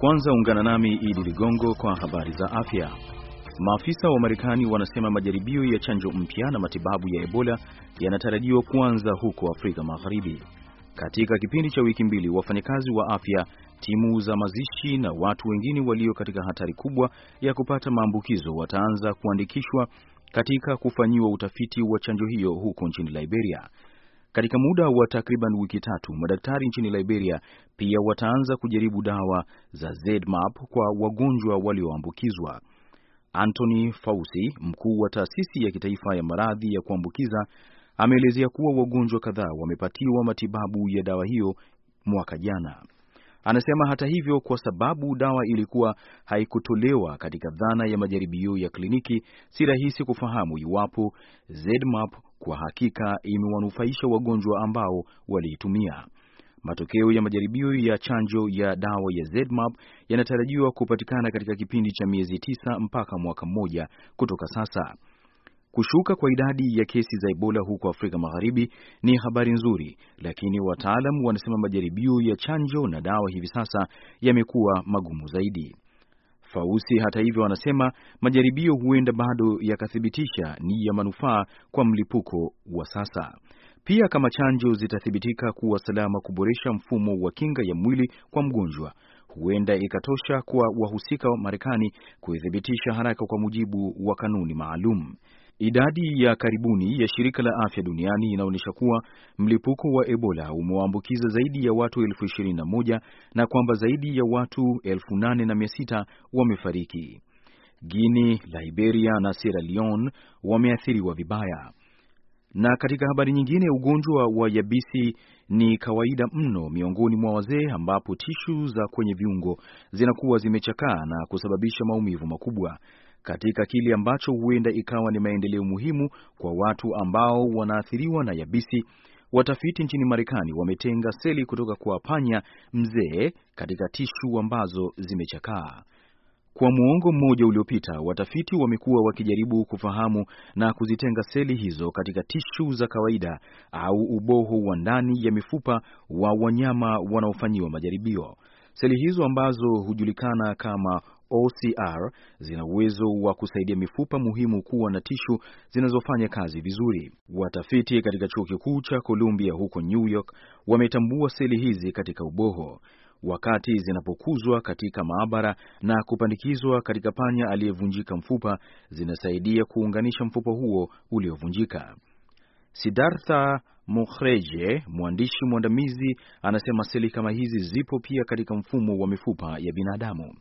Kwanza ungana nami Idi Ligongo kwa habari za afya. Maafisa wa Marekani wanasema majaribio ya chanjo mpya na matibabu ya Ebola yanatarajiwa kuanza huko Afrika Magharibi. Katika kipindi cha wiki mbili, wafanyakazi wa afya, timu za mazishi na watu wengine walio katika hatari kubwa ya kupata maambukizo wataanza kuandikishwa katika kufanyiwa utafiti wa chanjo hiyo huko nchini Liberia. Katika muda wa takriban wiki tatu, madaktari nchini Liberia pia wataanza kujaribu dawa za ZMapp kwa wagonjwa walioambukizwa. Anthony Fauci, mkuu wa taasisi ya kitaifa ya maradhi ya kuambukiza, ameelezea kuwa wagonjwa kadhaa wamepatiwa matibabu ya dawa hiyo mwaka jana. Anasema hata hivyo, kwa sababu dawa ilikuwa haikutolewa katika dhana ya majaribio ya kliniki, si rahisi kufahamu iwapo ZMapp kwa hakika imewanufaisha wagonjwa ambao waliitumia. Matokeo ya majaribio ya chanjo ya dawa ya ZMapp yanatarajiwa kupatikana katika kipindi cha miezi tisa mpaka mwaka mmoja kutoka sasa. Kushuka kwa idadi ya kesi za Ebola huko Afrika Magharibi ni habari nzuri, lakini wataalam wanasema majaribio ya chanjo na dawa hivi sasa yamekuwa magumu zaidi. Fausi hata hivyo, anasema majaribio huenda bado yakathibitisha ni ya manufaa kwa mlipuko wa sasa. Pia kama chanjo zitathibitika kuwa salama kuboresha mfumo wa kinga ya mwili kwa mgonjwa, huenda ikatosha kwa wahusika wa Marekani kuithibitisha haraka kwa mujibu wa kanuni maalum. Idadi ya karibuni ya shirika la afya duniani inaonyesha kuwa mlipuko wa Ebola umewaambukiza zaidi ya watu elfu ishirini na moja na kwamba zaidi ya watu elfu nane na mia sita wamefariki. Guinea, Liberia na Sierra Leone wameathiriwa vibaya. Na katika habari nyingine, ugonjwa wa yabisi ni kawaida mno miongoni mwa wazee, ambapo tishu za kwenye viungo zinakuwa zimechakaa na kusababisha maumivu makubwa katika kile ambacho huenda ikawa ni maendeleo muhimu kwa watu ambao wanaathiriwa na yabisi. Watafiti nchini Marekani wametenga seli kutoka kwa panya mzee katika tishu ambazo zimechakaa. Kwa muongo mmoja uliopita, watafiti wamekuwa wakijaribu kufahamu na kuzitenga seli hizo katika tishu za kawaida au uboho wa ndani ya mifupa wa wanyama wanaofanyiwa majaribio. Seli hizo ambazo hujulikana kama OCR zina uwezo wa kusaidia mifupa muhimu kuwa na tishu zinazofanya kazi vizuri. Watafiti katika chuo kikuu cha Columbia huko New York wametambua seli hizi katika uboho wakati zinapokuzwa katika maabara na kupandikizwa katika panya aliyevunjika mfupa, zinasaidia kuunganisha mfupa huo uliovunjika. sidartha mohreje mwandishi mwandamizi, anasema seli kama hizi zipo pia katika mfumo wa mifupa ya binadamu.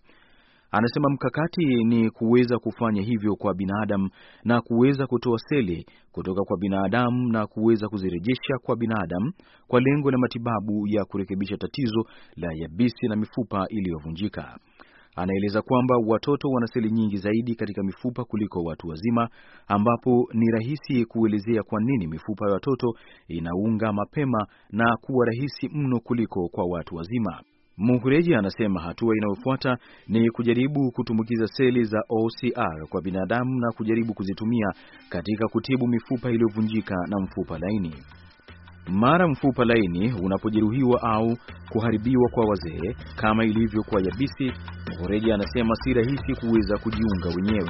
Anasema mkakati ni kuweza kufanya hivyo kwa binadamu na kuweza kutoa seli kutoka kwa binadamu na kuweza kuzirejesha kwa binadamu kwa lengo la matibabu ya kurekebisha tatizo la yabisi na mifupa iliyovunjika. Anaeleza kwamba watoto wana seli nyingi zaidi katika mifupa kuliko watu wazima, ambapo ni rahisi kuelezea kwa nini mifupa ya watoto inaunga mapema na kuwa rahisi mno kuliko kwa watu wazima. Mukureji anasema hatua inayofuata ni kujaribu kutumbukiza seli za OCR kwa binadamu na kujaribu kuzitumia katika kutibu mifupa iliyovunjika na mfupa laini. Mara mfupa laini unapojeruhiwa au kuharibiwa kwa wazee, kama ilivyo kwa yabisi, Mukureji anasema si rahisi kuweza kujiunga wenyewe.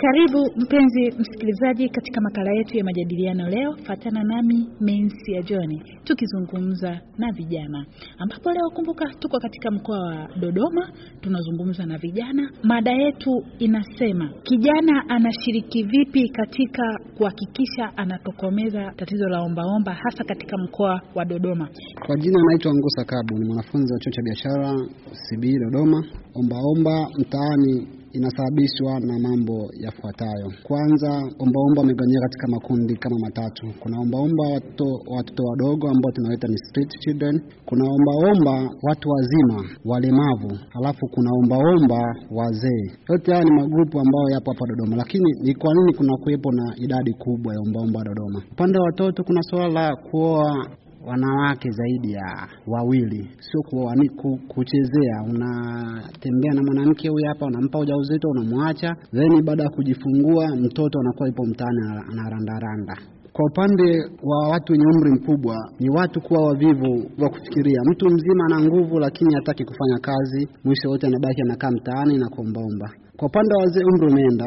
Karibu mpenzi msikilizaji katika makala yetu ya majadiliano leo. Fatana nami Mensi ya John tukizungumza na vijana, ambapo leo kumbuka, tuko katika mkoa wa Dodoma, tunazungumza na vijana. Mada yetu inasema kijana anashiriki vipi katika kuhakikisha anatokomeza tatizo la ombaomba hasa katika mkoa wa Dodoma. Kwa jina naitwa Ngusa Kabu, ni mwanafunzi wa chuo cha biashara CB Dodoma. Ombaomba mtaani inasababishwa na mambo yafuatayo. Kwanza, ombaomba wamegawanyika katika makundi kama matatu. Kuna ombaomba watoto wadogo ambao tunawaita ni street children, kuna ombaomba watu wazima walemavu, halafu kuna ombaomba wazee. Yote haya ni magrupu ambayo yapo hapa Dodoma, lakini ni kwa nini kuna kuwepo na idadi kubwa ya ombaomba Dodoma? Upande wa watoto kuna suala la kuoa wanawake zaidi ya wawili, sio kuwa kuchezea. Unatembea na mwanamke huyu hapa, unampa ujauzito, unamwacha, then baada ya kujifungua mtoto anakuwa ipo mtaani anarandaranda. Kwa upande wa watu wenye umri mkubwa ni watu kuwa wavivu wa kufikiria. Mtu mzima ana nguvu, lakini hataki kufanya kazi, mwisho wote anabaki anakaa mtaani na kuombaomba. Kwa upande wa wazee umri umeenda,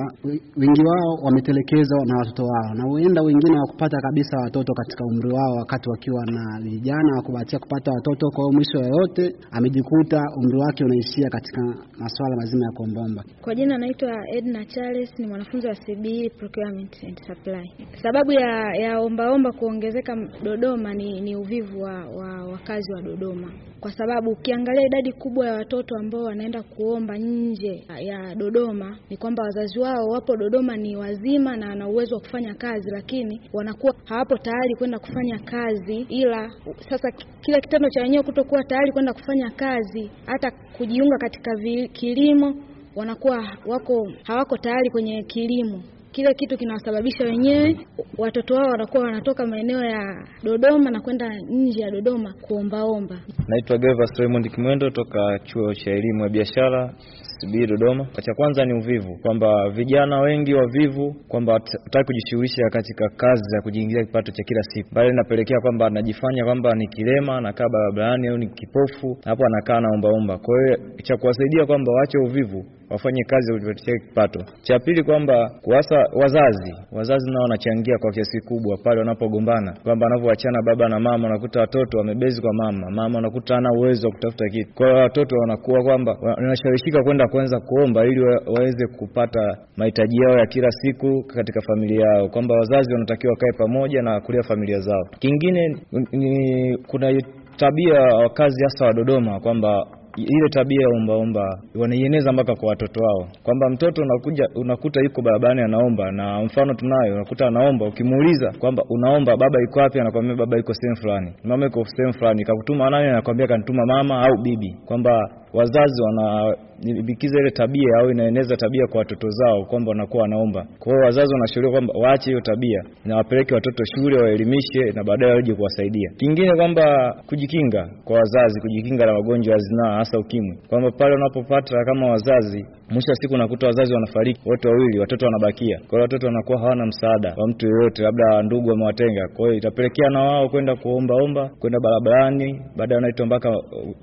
wengi wao wametelekezwa na watoto wao, na huenda wengine wakupata kabisa watoto katika umri wao, wakati wakiwa na vijana hawakubahatika kupata watoto. Kwa hiyo mwisho yoyote amejikuta umri wake unaishia katika masuala mazima ya kuombaomba. Kwa jina naitwa Edna Charles, ni mwanafunzi wa CBE Procurement and Supply. Sababu ya, ya ombaomba kuongezeka Dodoma ni, ni uvivu wa, wa wakazi wa Dodoma, kwa sababu ukiangalia idadi kubwa ya watoto ambao wanaenda kuomba nje ya Dodoma Dodoma ni kwamba wazazi wao wapo Dodoma, ni wazima na wana uwezo wa kufanya kazi, lakini wanakuwa hawapo tayari kwenda kufanya kazi. Ila sasa kile kitendo cha wenyewe kutokuwa tayari kwenda kufanya kazi, hata kujiunga katika kilimo wanakuwa wako hawako tayari kwenye kilimo kila kitu kinawasababisha wenyewe. Watoto wao wanakuwa wanatoka maeneo ya Dodoma na kwenda nje ya Dodoma kuombaomba. Naitwa Gervas Raymond Kimwendo toka chuo cha elimu ya biashara CBE Dodoma. Cha kwanza ni uvivu, kwamba vijana wengi wavivu, kwamba hataki kujishughulisha katika kazi za kujiingiza kipato cha kila siku, bali inapelekea kwamba anajifanya kwamba ni kilema, anakaa barabarani au ni kipofu, hapo anakaa naombaomba. Kwa hiyo cha kuwasaidia kwamba waache uvivu wafanye kazi ya kujipatia kipato. Cha pili kwamba kuasa wazazi, wazazi nao wanachangia kwa kiasi kikubwa pale wanapogombana, kwamba wanapoachana baba na mama, unakuta watoto wamebezi kwa mama, mama unakuta hana uwezo wa kutafuta kitu. Kwa hiyo watoto wanakuwa kwamba wanashawishika kwenda kuanza kuomba ili waweze kupata mahitaji yao ya kila siku katika familia yao, kwamba wazazi wanatakiwa wakae pamoja na kulia familia zao. Kingine ni kuna tabia wakazi hasa wa Dodoma kwamba ile tabia ya ombaomba wanaieneza mpaka kwa watoto wao, kwamba mtoto unakuja unakuta yuko barabarani anaomba, na mfano tunayo, unakuta anaomba, ukimuuliza kwamba unaomba baba yuko wapi, anakwambia baba yuko sehemu fulani, mama yuko sehemu fulani, kakutuma nani? Anakwambia kanituma mama au bibi, kwamba wazazi wanaibikiza ile tabia au inaeneza tabia kwa watoto zao kwamba wanakuwa wanaomba. Kwa hiyo wazazi wanashauriwa kwamba waache hiyo tabia na wapeleke watoto shule waelimishe, na baadaye waje kuwasaidia. Kingine kwamba kujikinga kwa wazazi, kujikinga na magonjwa ya zinaa, hasa ukimwi, kwamba pale unapopata kama wazazi Mwisho wa siku nakuta wazazi wanafariki wote wawili, watoto wanabakia. Kwa hiyo watoto wanakuwa hawana msaada wa mtu yoyote, labda ndugu wamewatenga. Kwa hiyo itapelekea na wao kwenda kuombaomba, kwenda barabarani, baadaye wanaitwa mpaka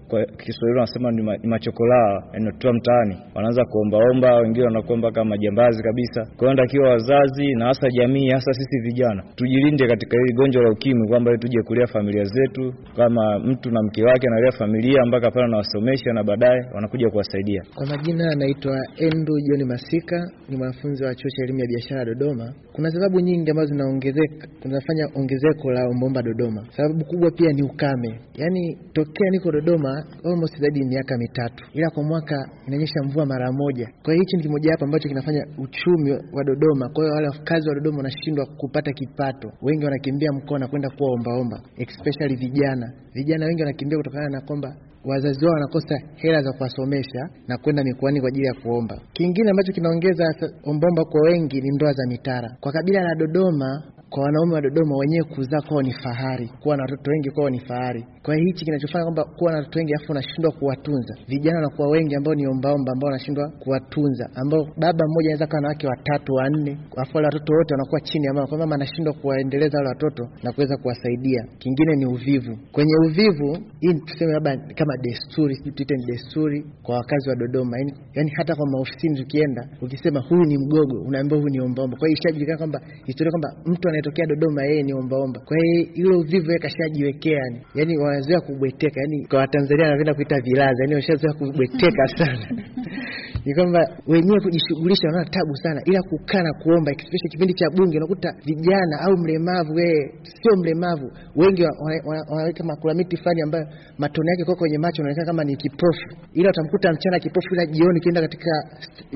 kwa Kiswahili wanasema ni machokolaa, yanatoa mtaani, wanaanza kuombaomba, wengine wanakuwa mpaka majambazi kabisa. Kwa hiyo natakiwa wazazi na hasa jamii, hasa sisi vijana tujilinde katika hili gonjwa la ukimwi, kwamba tuje kulea familia zetu, kama mtu na mke wake analea familia mpaka pale anawasomesha na baadaye wanakuja kuwasaidia. Kwa majina anaitwa Andrew John Masika ni mwanafunzi wa chuo cha elimu ya biashara Dodoma. Kuna sababu nyingi ambazo zinaongezeka zinafanya ongezeko la Ombaomba Dodoma. Sababu kubwa pia ni ukame, yaani tokea niko Dodoma almost zaidi miaka mitatu, ila kwa mwaka inanyesha mvua mara moja. Kwa hiyo hichi ni kimoja hapo ambacho kinafanya uchumi wa Dodoma, kwa hiyo wale wakazi wa Dodoma wanashindwa kupata kipato, wengi wanakimbia mkoa na kwenda kuwa ombaomba, especially vijana. Vijana wengi wanakimbia kutokana na kwamba wazazi wao wanakosa hela za kuwasomesha na kwenda mikoani kwa ajili ya kuomba. Kingine ambacho kinaongeza ombomba kwa wengi ni ndoa za mitara. Kwa kabila la Dodoma kwa wanaume wa Dodoma wenyewe kuzaa kwao ni fahari, kuwa na watoto wengi kwao ni fahari. Kwa hiyo hichi kinachofanya kwamba kuwa na watoto wengi afu unashindwa kuwatunza, vijana wanakuwa wengi ambao ni ombaomba, ambao wanashindwa kuwatunza, ambao baba mmoja anaweza kuwa na wake watatu wanne, afu wale watoto wote wanakuwa chini ya mama, kwa mama anashindwa kuwaendeleza wale watoto na kuweza kuwasaidia. Kingine ni uvivu. Kwenye uvivu, hii tuseme labda kama desturi, sijui tuite ni desturi kwa wakazi wa Dodoma, yani, yani hata kwa maofisini tukienda, ukisema huyu ni mgogo, unaambiwa huyu ni ombaomba. Kwa hiyo ishajulikana kwamba historia kwamba mtu ana inatokea Dodoma, yeye ni ombaomba. Kwa hiyo yule uvivu yeye kashajiwekea, yani Yaani wanazoea kubweteka, Yaani kwa Watanzania wanapenda kuita vilaza, Yaani washazoea kubweteka sana ni kwamba wenyewe kujishughulisha wanaona tabu sana, ila kukaa na kuomba, especially kipindi cha Bunge unakuta vijana au mlemavu, wewe sio mlemavu, wengi wanaweka makulamiti fulani ambayo matone yake kwa kwenye macho unaonekana kama ni kipofu, ila utamkuta mchana kipofu, ila jioni kienda katika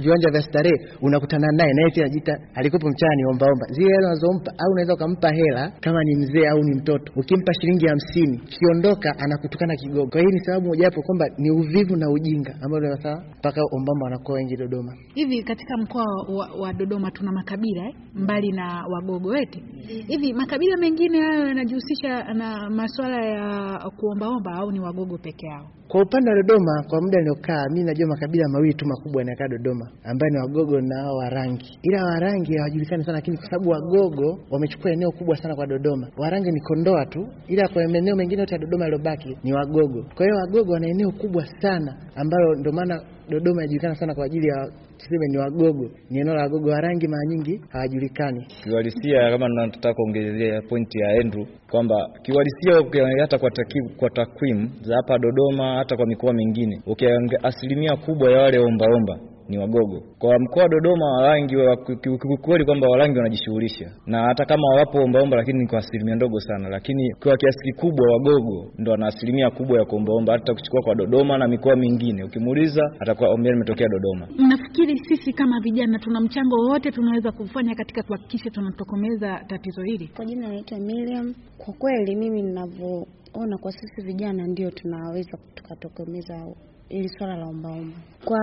viwanja vya starehe unakutana naye, naye pia anajiita alikopo mchana ni ombaomba. Zile hela unazompa au unaweza ukampa hela kama ni mzee au ni mtoto, ukimpa shilingi hamsini kiondoka anakutukana kigogo. Kwa hii ni sababu mojawapo kwamba ni uvivu na ujinga ambayo sasa mpaka ombamba wanakuwa wengi Dodoma. Hivi katika mkoa wa, wa Dodoma tuna makabila eh, mbali na Wagogo wete hivi makabila mengine hayo yanajihusisha na masuala ya kuombaomba au ni Wagogo peke yao? Kwa upande wa Dodoma, kwa muda niliokaa mi najua makabila mawili tu makubwa yanakaa Dodoma, ambayo ni Wagogo na Warangi, ila Warangi hawajulikani sana, lakini kwa sababu Wagogo wamechukua eneo kubwa sana kwa Dodoma. Warangi ni Kondoa tu, ila kwa maeneo mengine yote ya Dodoma yaliyobaki ni Wagogo. Kwa hiyo Wagogo wana eneo kubwa sana ambalo ndio maana Dodoma inajulikana sana kwa ajili ya tuseme ni Wagogo, ni eneo la Wagogo. wa rangi mara nyingi hawajulikani kiuhalisia, kama nataka kuongezea pointi ya Andrew kwamba kiuhalisia, hata kwa kwa takwimu za hapa Dodoma, hata kwa mikoa mingine, ukiangalia asilimia kubwa ya wale ombaomba ni Wagogo. Kwa mkoa wa Dodoma, Warangi kiukweli kwamba Warangi wanajishughulisha na hata kama wapo ombaomba, lakini ni kwa asilimia ndogo sana, lakini kwa kiasi kikubwa Wagogo ndo wana asilimia kubwa ya kuombaomba, hata kuchukua kwa Dodoma na mikoa mingine. Ukimuuliza atakuwa ombea limetokea Dodoma. Mnafikiri sisi kama vijana tuna mchango wote tunaweza kufanya katika kuhakikisha tunatokomeza tatizo hili? Kwa jina naitwa Miriam. Kwa kweli mimi ninavyoona, kwa sisi vijana ndio tunaweza tukatokomeza hili swala la ombaomba. Kwa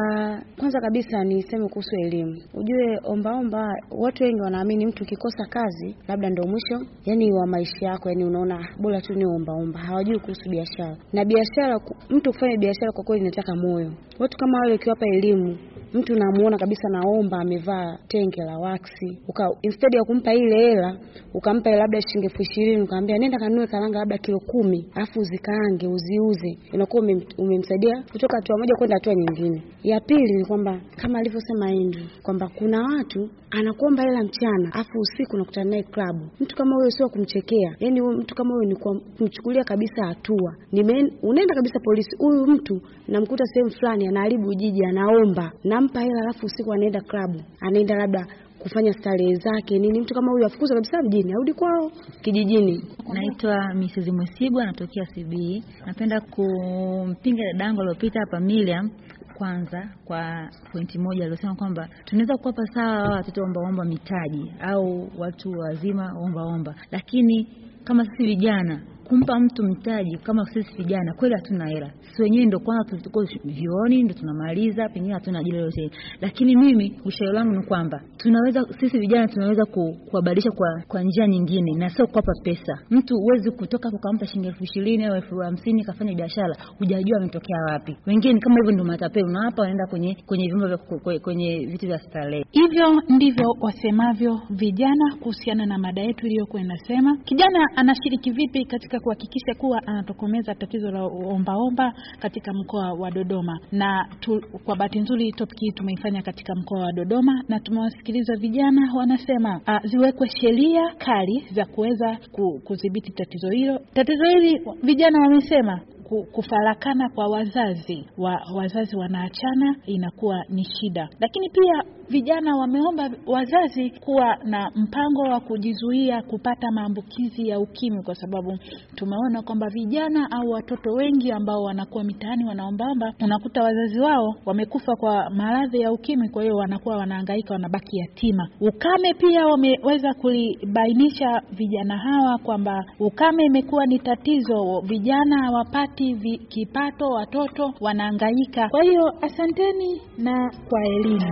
kwanza kabisa niseme kuhusu elimu. Ujue ombaomba, watu wengi wanaamini mtu ukikosa kazi labda ndio mwisho yani wa maisha yako, yani unaona bora tu ni ombaomba, hawajui kuhusu biashara na biashara. Mtu kufanya biashara kwa kweli inataka moyo. Watu kama wale ukiwapa elimu mtu namuona kabisa, naomba amevaa tenge la waksi, uka instead ya kumpa ile hela ukampa labda shilingi elfu ishirini ukamwambia nenda kanunue karanga labda kilo kumi alafu uzikaange uziuze, inakuwa umemsaidia kutoka hatua moja kwenda hatua nyingine. Ya pili ni kwamba kama alivyosema Andrew kwamba kuna watu anakuomba hela mchana, afu usiku nakutana naye club. Mtu kama huyo sio kumchekea, yani mtu kama huyo ni kumchukulia kabisa hatua, unaenda kabisa polisi. Huyu mtu namkuta sehemu fulani, anaharibu jiji, anaomba, nampa hela, alafu usiku anaenda club, anaenda labda kufanya starehe zake nini. Mtu kama huyu afukuzwa kabisa mjini, arudi kwao kijijini. Naitwa Mrs. Mwesibu, natokea CB. Napenda kumpinga dadangu aliyopita hapa Miriam kwanza kwa pointi moja aliyosema kwamba tunaweza kuwapa sawa watoto ombaomba mitaji au watu wazima ombaomba, lakini kama sisi vijana kumpa mtu mtaji kama sisi vijana kweli hatuna hela. Sisi wenyewe ndio kwanza tulikuwa vioni ndio tunamaliza, pengine hatuna ajira yoyote. Lakini mimi ushauri wangu ni kwamba tunaweza sisi vijana tunaweza kuwabadilisha kwa, kwa njia nyingine na sio kuwapa pesa. Mtu huwezi kutoka hapo kumpa shilingi elfu ishirini au elfu hamsini kafanya biashara, hujajua ametokea wapi. Wengine kama hivyo ndio matapeli, na hapa wanaenda kwenye kwenye vyombo vya kwenye vitu vya starehe. Hivyo ndivyo wasemavyo vijana kuhusiana na mada yetu iliyokuwa inasema kijana anashiriki vipi katika kuhakikisha kuwa anatokomeza ah, tatizo la ombaomba katika mkoa wa Dodoma na tu, kwa bahati nzuri topiki hii tumeifanya katika mkoa wa Dodoma na tumewasikiliza vijana wanasema a, ah, ziwekwe sheria kali za kuweza kudhibiti tatizo hilo. Tatizo hili vijana wamesema kufarakana kwa wazazi wa, wazazi wanaachana inakuwa ni shida, lakini pia vijana wameomba wazazi kuwa na mpango wa kujizuia kupata maambukizi ya ukimwi, kwa sababu tumeona kwamba vijana au watoto wengi ambao wanakuwa mitaani wanaombaomba, unakuta wazazi wao wamekufa kwa maradhi ya ukimwi, kwa hiyo wanakuwa wanahangaika, wanabaki yatima. Ukame pia wameweza kulibainisha vijana hawa kwamba ukame imekuwa ni tatizo, vijana hawapati vi, kipato, watoto wanahangaika. Kwa hiyo asanteni na kwa elimu.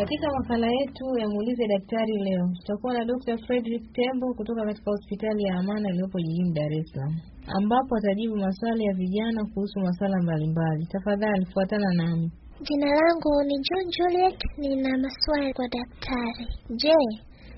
Katika makala yetu ya muulize daktari leo tutakuwa na Dr. Frederick Tembo kutoka katika hospitali ya Amana iliyopo jijini Dar es Salaam, ambapo atajibu maswali ya vijana kuhusu masuala mbalimbali. Tafadhali fuatana nami. Jina langu ni John Juliet, nina maswali kwa daktari. Je,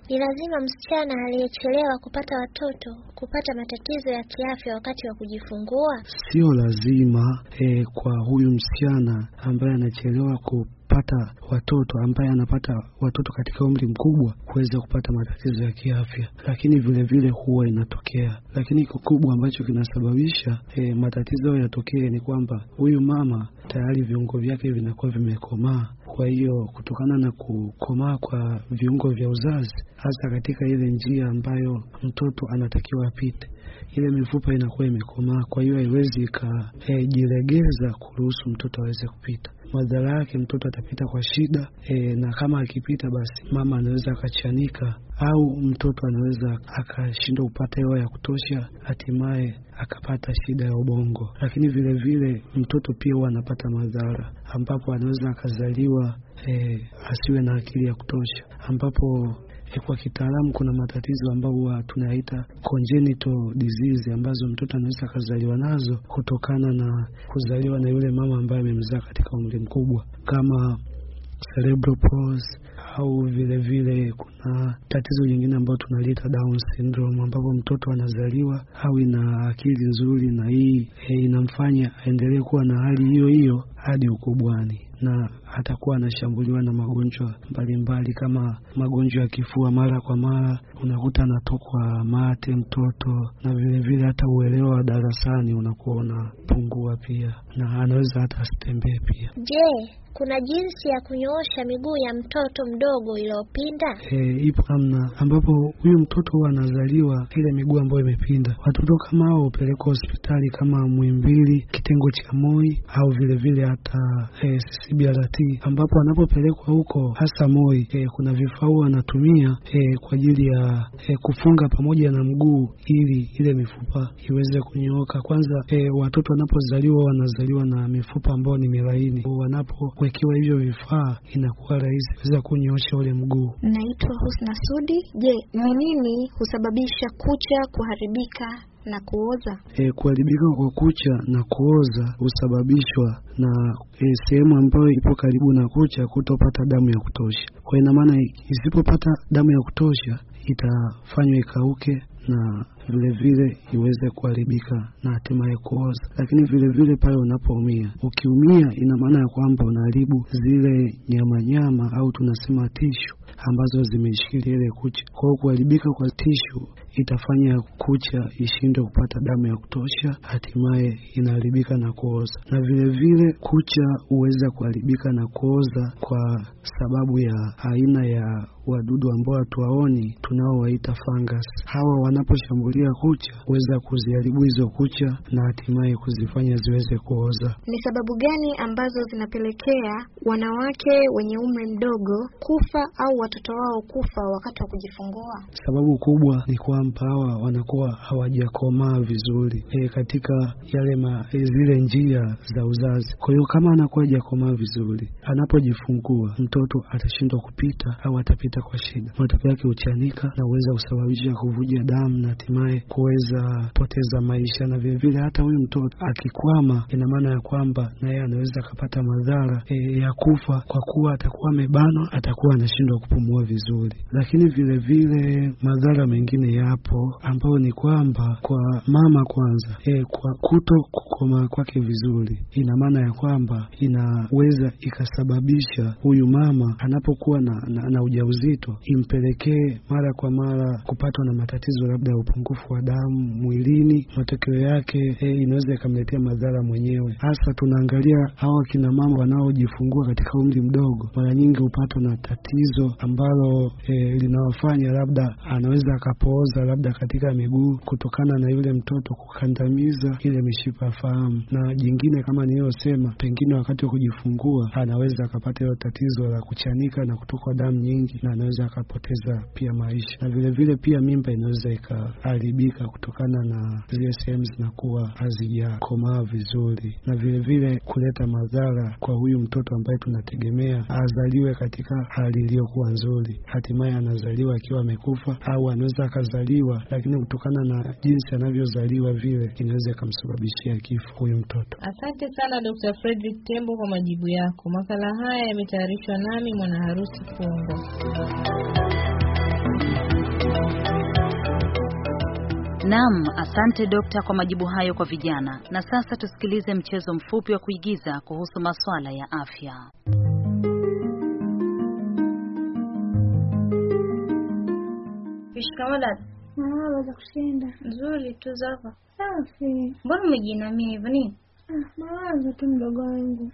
ni lazima msichana aliyechelewa kupata watoto kupata matatizo ya kiafya wakati wa kujifungua? Sio lazima eh, kwa huyu msichana ambaye anachelewa ku anapata watoto, ambaye anapata watoto katika umri mkubwa kuweza kupata matatizo ya kiafya, lakini vile vile huwa inatokea. Lakini kikubwa ambacho kinasababisha e, matatizo yatokee ni kwamba huyu mama tayari viungo vyake vinakuwa vimekomaa. Kwa hiyo kutokana na kukomaa kwa viungo vya uzazi, hasa katika ile njia ambayo mtoto anatakiwa apite, ile mifupa inakuwa imekomaa, kwa hiyo haiwezi ikajilegeza eh, kuruhusu mtoto aweze kupita madhara yake mtoto atapita kwa shida e, na kama akipita basi mama anaweza akachanika au mtoto anaweza akashindwa kupata hewa ya kutosha, hatimaye akapata shida ya ubongo. Lakini vile vile mtoto pia huwa anapata madhara ambapo anaweza akazaliwa e, asiwe na akili ya kutosha ambapo kwa kitaalamu kuna matatizo ambayo huwa tunayaita congenital disease ambazo mtoto anaweza akazaliwa nazo kutokana na kuzaliwa na yule mama ambaye amemzaa katika umri mkubwa kama cerebral palsy au vile vile kuna tatizo lingine ambayo tunaliita Down syndrome, ambapo mtoto anazaliwa hawi na akili nzuri, na hii eh, inamfanya aendelee kuwa na hali hiyo hiyo hadi ukubwani na atakuwa anashambuliwa na magonjwa mbalimbali kama magonjwa ya kifua mara kwa mara, unakuta anatokwa mate mtoto, na vilevile vile hata uelewa wa darasani unakuwa unapungua pia, na anaweza hata asitembee pia. Je, kuna jinsi ya kunyoosha miguu ya mtoto mdogo iliyopinda? E, ipo namna ambapo huyu mtoto huwa anazaliwa ile miguu ambayo imepinda. Watoto kama hao hupelekwa hospitali kama Muhimbili, kitengo cha MOI au vilevile kata e, CCBRT ambapo anapopelekwa huko hasa Moi eh, kuna vifaa wanatumia eh, kwa ajili ya eh, kufunga pamoja na mguu ili ile mifupa iweze kunyooka. Kwanza eh, watoto wanapozaliwa wanazaliwa na mifupa ambayo ni milaini, wanapowekewa hivyo vifaa inakuwa rahisi kuweza kunyoosha ule mguu. Naitwa Husna Sudi. Je, ni nini husababisha kucha kuharibika na kuoza. E, kuharibika kwa kucha na kuoza husababishwa na e, sehemu ambayo ipo karibu na kucha kutopata damu ya kutosha. Kwa ina maana isipopata damu ya kutosha itafanywa ikauke na vile vile iweze kuharibika na hatimaye kuoza. Lakini vilevile pale unapoumia, ukiumia, ina maana ya kwamba unaharibu zile nyamanyama nyama, au tunasema tishu ambazo zimeshikilia ile kucha. Kwa hiyo kuharibika kwa tishu itafanya kucha ishindwe kupata damu ya kutosha, hatimaye inaharibika na kuoza. Na vilevile kucha huweza kuharibika na kuoza kwa sababu ya aina ya wadudu ambao hatuwaoni tunaowaita fungus. Hawa wanaposhambulia kuchukulia kucha kuweza kuziharibu hizo kucha na hatimaye kuzifanya ziweze kuoza. Ni sababu gani ambazo zinapelekea wanawake wenye umri mdogo kufa au watoto wao kufa wakati wa kujifungua? Sababu kubwa ni kwamba hawa wanakuwa hawajakomaa vizuri e, katika yale ma, e, zile njia za uzazi. Kwa hiyo kama anakuwa hajakomaa vizuri, anapojifungua mtoto atashindwa kupita au atapita kwa shida, matokeo yake huchanika na huweza kusababisha kuvuja damu na hatimaye hatimaye kuweza poteza maisha. Na vilevile hata huyu mtoto akikwama, ina maana ya kwamba naye anaweza akapata madhara e, ya kufa, kwa kuwa atakuwa amebanwa, atakuwa anashindwa kupumua vizuri. Lakini vilevile madhara mengine yapo ambayo ni kwamba kwa mama kwanza, e, kwa kuto kukoma kwake vizuri, ina maana ya kwamba inaweza ikasababisha huyu mama anapokuwa na, na, na ujauzito impelekee mara kwa mara kupatwa na matatizo labda ya upungufu upungufu wa damu mwilini, matokeo yake e, inaweza ikamletea madhara mwenyewe. Hasa tunaangalia hawa kina mama wanaojifungua katika umri mdogo, mara nyingi hupatwa na tatizo ambalo e, linawafanya labda anaweza akapooza labda katika miguu kutokana na yule mtoto kukandamiza ile mishipa fahamu, na jingine kama niliyosema, pengine wakati wa kujifungua anaweza akapata hilo tatizo la kuchanika na kutokwa damu nyingi, na anaweza akapoteza pia maisha, na vilevile vile pia mimba inaweza ikaa kuharibika kutokana na zile sehemu zinakuwa hazijakomaa vizuri, na vilevile vile kuleta madhara kwa huyu mtoto ambaye tunategemea azaliwe katika hali iliyokuwa nzuri, hatimaye anazaliwa akiwa amekufa, au anaweza akazaliwa, lakini kutokana na jinsi anavyozaliwa vile inaweza ikamsababishia kifo huyu mtoto. Asante sana Dr. Frederick Tembo kwa majibu yako. Makala haya yametayarishwa nami mwana harusi Fungo. Naam, asante dokta kwa majibu hayo kwa vijana. Na sasa tusikilize mchezo mfupi wa kuigiza kuhusu masuala ya afya. Shikamoo dada. Naweza ah, kushinda. Nzuri tu zako. Safi. Mbona umejinamia hivyo nini? Ah, mawazo tu mdogo wangu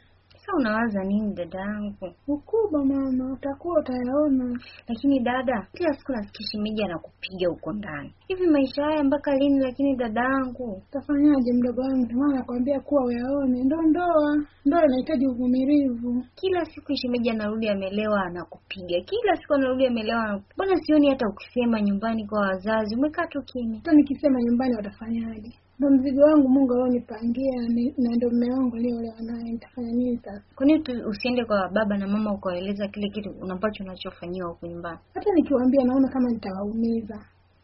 unawaza nini dada yangu Mkubwa mama, utakuwa utayaona. Lakini dada, kila siku nasikia shemeji anakupiga huko ndani. Hivi maisha haya mpaka lini? Lakini dada yangu utafanyaje mdogo wangu? Mama nakwambia kuwa uyaone, ndo ndoa. Ndoa inahitaji uvumilivu. Kila siku shemeji anarudi amelewa, anakupiga. Kila siku anarudi amelewa. Mbona sioni hata ukisema nyumbani kwa wazazi, umekaa tu kimya. Hata nikisema nyumbani watafanyaje? ndo mzigo wangu Mungu alionipangia na ndo mume wangu aliolewa naye, nitafanya nini sasa? Kwa nini usiende kwa baba na mama ukawaeleza kile kitu ambacho unachofanyiwa huko nyumbani? Hata nikiwaambia naona kama nitawaumiza,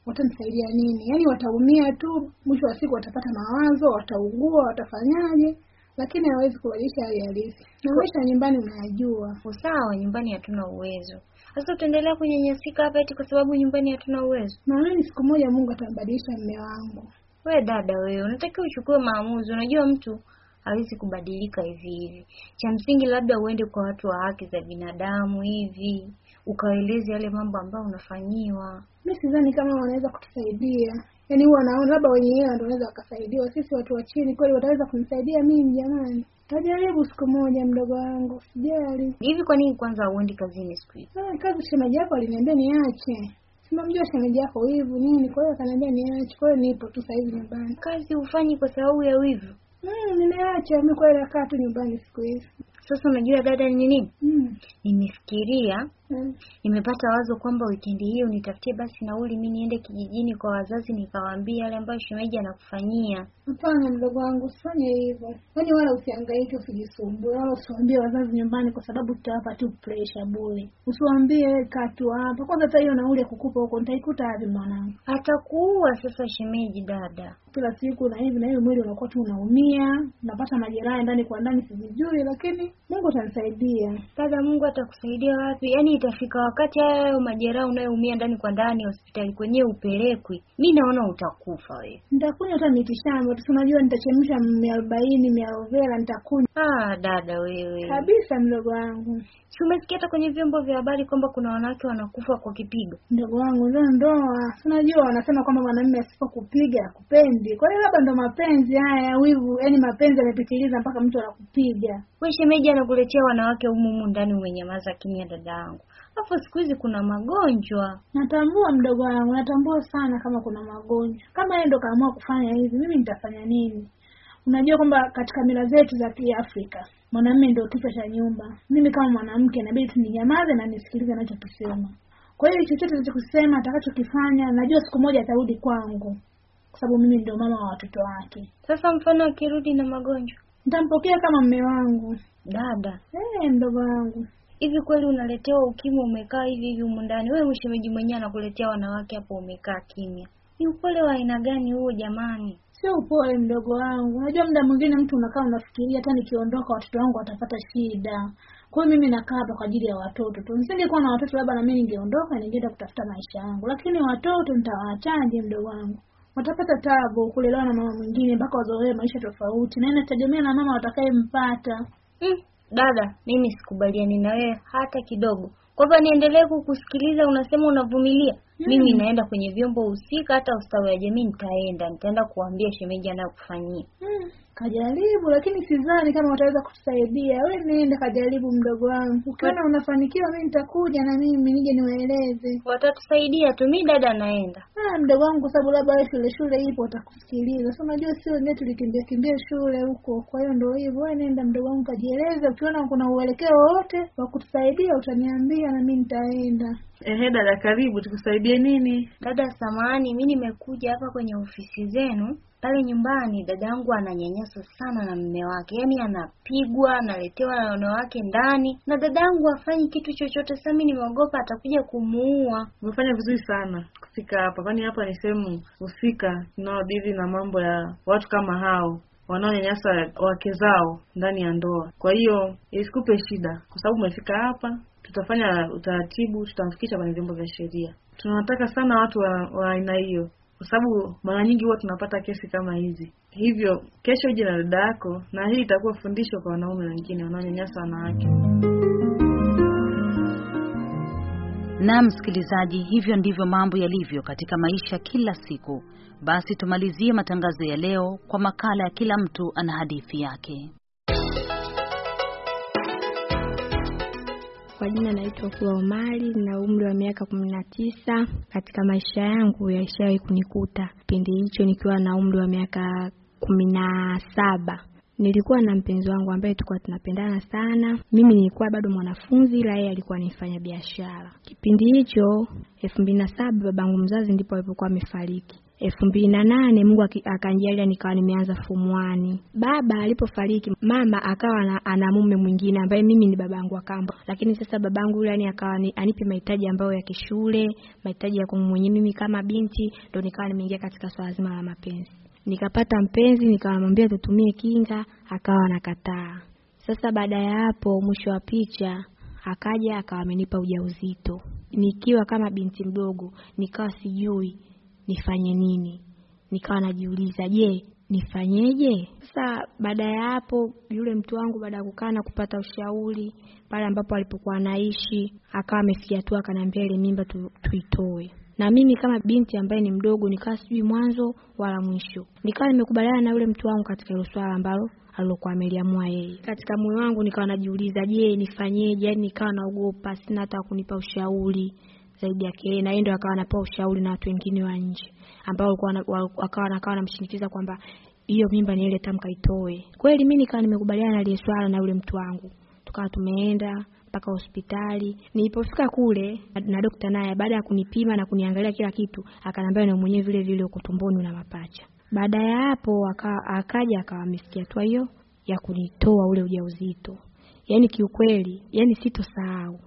watanisaidia nini? Yaani wataumia tu, mwisho wa siku watapata mawazo, wataugua, watafanyaje? Lakini hawezi kubadilisha hali halisi, na maisha ya nyumbani unayajua. Sawa, nyumbani hatuna uwezo sasa utaendelea kunyanyasika hapa eti kwa sababu nyumbani hatuna uwezo? Naamini siku moja Mungu atambadilisha mume wangu we dada, wewe unatakiwa uchukue maamuzi. Unajua mtu hawezi kubadilika hivi hivi. Cha msingi labda uende kwa watu wa haki za binadamu hivi ukaeleze yale mambo ambayo unafanyiwa. Mi sidhani kama wanaweza kutusaidia, yaani huwa naona labda wenyewe ndio wanaweza wakasaidiwa. Sisi watu wa chini kweli wataweza kumsaidia mimi? Jamani, tajaribu siku moja, mdogo wangu, sijali hivi. Kwa nini kwanza hauendi kazini siku hizi? Ah, kazi shemaji hapo aliniambia niache tunamjua shemeji yako wivu nini, kwa hiyo akaniambia niache. Kwa hiyo nipo tu sasa hivi nyumbani. Kazi hufanyi kwa sababu ya wivu? Mm, nimeacha mimi, kwa hiyo nakaa tu nyumbani siku hizi. Sasa unajua dada, ni nini mm, nimefikiria Mm. Nimepata wazo kwamba wikendi hiyo nitafutie basi nauli mimi niende kijijini kwa wazazi nikawaambia yale ambayo shemeji anakufanyia. Hapana mdogo wangu, usifanye hivyo. Yaani wala usihangaike, usijisumbue, wala usiwaambie wazazi nyumbani kwa sababu tutawapa tu pressure bure. Usiwaambie katu hapa. Kwanza hata hiyo nauli ya kukupa huko nitaikuta wapi mwanangu? Atakuua sasa shemeji dada. Kila siku na hivi na hiyo mwili unakuwa tu unaumia, unapata majeraha ndani kwa ndani sijijui, lakini Mungu atanisaidia. Dada, Mungu atakusaidia wapi? Yaani lakini itafika wakati hayo majeraha unayoumia ndani kwa ndani hospitali kwenyewe upelekwe, mi naona utakufa wewe. Nitakunywa hata mitishamba, tunajua nitachemsha mia arobaini mia overa nitakunywa. Ah, dada wewe kabisa, mdogo wangu Si umesikia hata kwenye vyombo vya habari kwamba kuna wanawake wanakufa kwa kipigo? mdogo wangu, ndio ndoa. Unajua wanasema kwamba mwanamume asipokupiga kupendi. Kwa hiyo labda ndo mapenzi haya wivu, yaani mapenzi yamepitiliza mpaka mtu anakupiga. We shemeji, anakuletea wanawake umumu humu ndani, umenyamaza kimya, dada yangu hapo siku hizi kuna magonjwa. Natambua mdogo wangu, natambua sana kama kuna magonjwa. Kama yeye ndo kaamua kufanya hivi, mimi nitafanya nini? Unajua kwamba katika mila zetu za Kiafrika mwanamume ndio kichwa cha nyumba. Mimi kama mwanamke inabidi tu ninyamaze na nisikilize anachokisema. Kwa hiyo chochote anachokisema, atakachokifanya, najua siku moja atarudi kwangu, kwa sababu mimi ndio mama wa watoto wake. Sasa mfano akirudi na magonjwa, nitampokea kama mme wangu, dada eh, mdogo wangu hivi kweli unaletewa ukimwi umekaa hivi hivi humu ndani? Wewe mshemeji mwenyewe anakuletea wanawake hapo, umekaa kimya. Ni upole wa aina gani huo jamani? Sio upole mdogo wangu. Unajua, muda mwingine mtu unakaa unafikiria, hata nikiondoka watoto wangu watapata shida. Kwa hiyo mimi nakaa hapa kwa ajili ya watoto tu. Nisingekuwa na watoto, labda na mimi ningeondoka, ningeenda kutafuta maisha yangu, lakini watoto nitawaachaje mdogo wangu? Watapata tabu kulelewa na mama mwingine mpaka wazoee maisha tofauti, na inategemea na mama watakayempata. Mm. Dada, mimi sikubaliani na wewe hata kidogo. Kwamba niendelee kukusikiliza, unasema unavumilia. Hmm. Mimi naenda kwenye vyombo husika, hata ustawi wa jamii nitaenda, nitaenda kuambia shemeji anayokufanyia. Hmm kajaribu, lakini sidhani kama wataweza kutusaidia. We nenda kajaribu, mdogo wangu, ukiona unafanikiwa mi nitakuja na mimi nije niwaeleze, watatusaidia tu. Mi dada naenda. Ah, mdogo wangu, kwa sababu labda we shule shule ipo watakusikiliza. So unajua sio wenyewe tulikimbia kimbia shule huko, kwa hiyo ndo hivyo. We nenda mdogo wangu, kajieleze. Ukiona kuna uelekeo wowote wa kutusaidia utaniambia, na mi nitaenda. Ehe, dada, karibu. Tukusaidie nini? Dada samani, mi nimekuja hapa kwenye ofisi zenu pale nyumbani dadangu ananyanyasa sana na mme wake, yaani anapigwa, analetewa na wake ndani, na dadangu afanyi kitu chochote. Sasa mimi nimeogopa atakuja kumuua. Umefanya vizuri sana kufika hapa, kwani hapa ni sehemu husika tunaodili na mambo ya watu kama hao wanaonyanyasa wake zao ndani ya ndoa. Kwa hiyo isikupe shida, kwa sababu umefika hapa, tutafanya utaratibu, tutamfikisha kwenye vyombo vya sheria. Tunawataka sana watu wa aina hiyo kwa sababu mara nyingi huwa tunapata kesi kama hizi. Hivyo kesho uje na dada yako, na hii itakuwa fundisho kwa wanaume wengine wanaonyanyasa wanawake. Na msikilizaji, hivyo ndivyo mambo yalivyo katika maisha kila siku. Basi tumalizie matangazo ya leo kwa makala ya kila mtu ana hadithi yake. Kwa jina naitwa Kula Omari na umri wa miaka kumi na tisa. Katika maisha yangu yalishawahi kunikuta kipindi hicho, nikiwa na umri wa miaka kumi na saba nilikuwa na mpenzi wangu ambaye tulikuwa tunapendana sana. Mimi nilikuwa bado mwanafunzi, ila yeye alikuwa ni biashara. Kipindi hicho elfu mbili na saba babangu mzazi ndipo alipokuwa amefariki elfu mbili na nane Mungu akanijalia nikawa nimeanza fomu wani. Baba alipofariki, mama akawa na, ana mume mwingine ambaye mimi ni babangu akamba, lakini sasa babangu yule yani akawa ni, anipe mahitaji ambayo ya kishule, mahitaji ya kumwenye mimi kama binti, ndo nikawa nimeingia katika swala zima la mapenzi. Nikapata mpenzi, nikamwambia tutumie kinga, akawa nakataa. Sasa baada ya hapo, mwisho wa picha akaja akawa amenipa ujauzito nikiwa kama binti mdogo, nikawa sijui nifanye nini? Nikawa najiuliza, je, nifanyeje? Sasa baada ya hapo, yule mtu wangu baada ya kukaa na kupata ushauri pale ambapo alipokuwa anaishi, akawa amefikia tu akaniambia ile mimba tu, tuitoe na mimi kama binti ambaye ni mdogo nikawa sijui mwanzo wala mwisho, nikawa nimekubaliana na yule mtu wangu katika hilo swala ambalo alilokuwa ameliamua yeye. Katika moyo wangu nikawa najiuliza, je, nifanyeje? Yani nikawa naogopa, sina hata kunipa ushauri, zaidi yake na yeye ndo akawa anapa ushauri na watu wengine wa nje ambao wakawa wakawa wanamshinikiza kwamba hiyo mimba ni ile tamka itoe. Kweli mimi nikawa nimekubaliana na ile swala na yule mtu wangu, tukawa tumeenda mpaka hospitali. Nilipofika kule na daktari naye, baada ya kunipima na kuniangalia kila kitu, akaniambia na mwenyewe vile vile uko tumboni una mapacha. Baada ya hapo akaja akawa amesikia tu hiyo ya kunitoa ule ujauzito. Yaani kiukweli, yaani sitosahau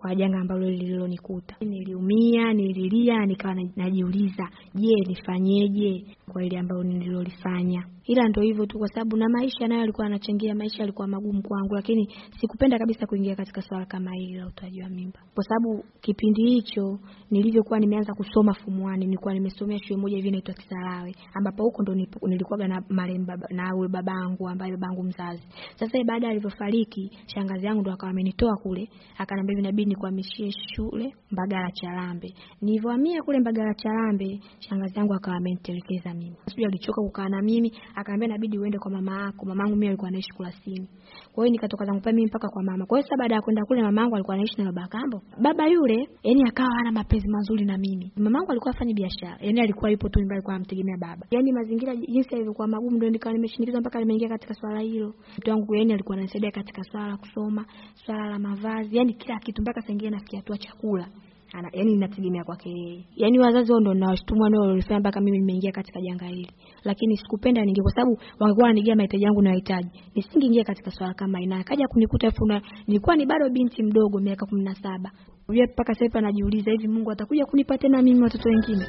kwa janga ambalo lililonikuta. Niliumia, nililia, nikawa najiuliza, je, nifanyeje kwa ile ambayo nililolifanya? Ila ndio hivyo tu, kwa sababu na maisha nayo alikuwa anachangia, maisha alikuwa magumu kwangu, lakini sikupenda kabisa kuingia katika swala kama hili la utoaji wa mimba, kwa sababu kipindi hicho nilivyokuwa nimeanza kusoma fumuani, nilikuwa nimesomea shule moja hivi inaitwa Kisarawe, ambapo huko ndo nilikuwaga na marehemu baba, na uwe babangu ambaye babangu mzazi. Sasa baada alivyofariki shangazi yangu ndo akawa amenitoa kule, akaniambia inabidi nikuhamishie shule Mbagala Charambe. Nilivyohamia kule Mbagala Charambe, shangazi yangu akawa amenitelekeza mimi. Sijui alichoka kukaa na mimi, akaambia inabidi uende kwa mama yako. Mamangu mimi alikuwa anaishi Kurasini. Kwa hiyo nikatoka zangu pale mimi mpaka kwa mama. Kwa hiyo sasa baada ya kwenda kule mamangu alikuwa anaishi na baba kambo. Baba yule yani akawa hana mapenzi mazuri na mimi. Mamangu alikuwa afanya biashara. Yani alikuwa yupo tu nyumbani kwa mtegemea baba. Yani mazingira jinsi yalivyokuwa magumu ndio nikawa nimeshinikizwa mpaka nimeingia katika swala hilo. Mtu wangu yani alikuwa ananisaidia katika swala kusoma, swala la mavazi, yani kila kitu mpaka mpaka sengine nafikia tu chakula ana yani ninategemea kwake yeye. Yaani wazazi wao ndio ninawashtumu nao walifanya mpaka mimi nimeingia katika janga hili. Lakini sikupenda ninge kwa sababu wangekuwa wanigia mahitaji yangu ninayohitaji. Nisingeingia katika swala kama ina. Akaja kunikuta afu na nilikuwa ni bado binti mdogo miaka 17. Yeye mpaka sasa anajiuliza hivi Mungu atakuja kunipa tena mimi watoto wengine.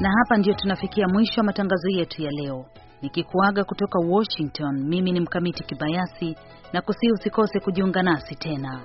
Na hapa ndio tunafikia mwisho wa matangazo yetu ya leo nikikuaga kutoka Washington. Mimi ni Mkamiti Kibayasi na kusihi usikose kujiunga nasi tena.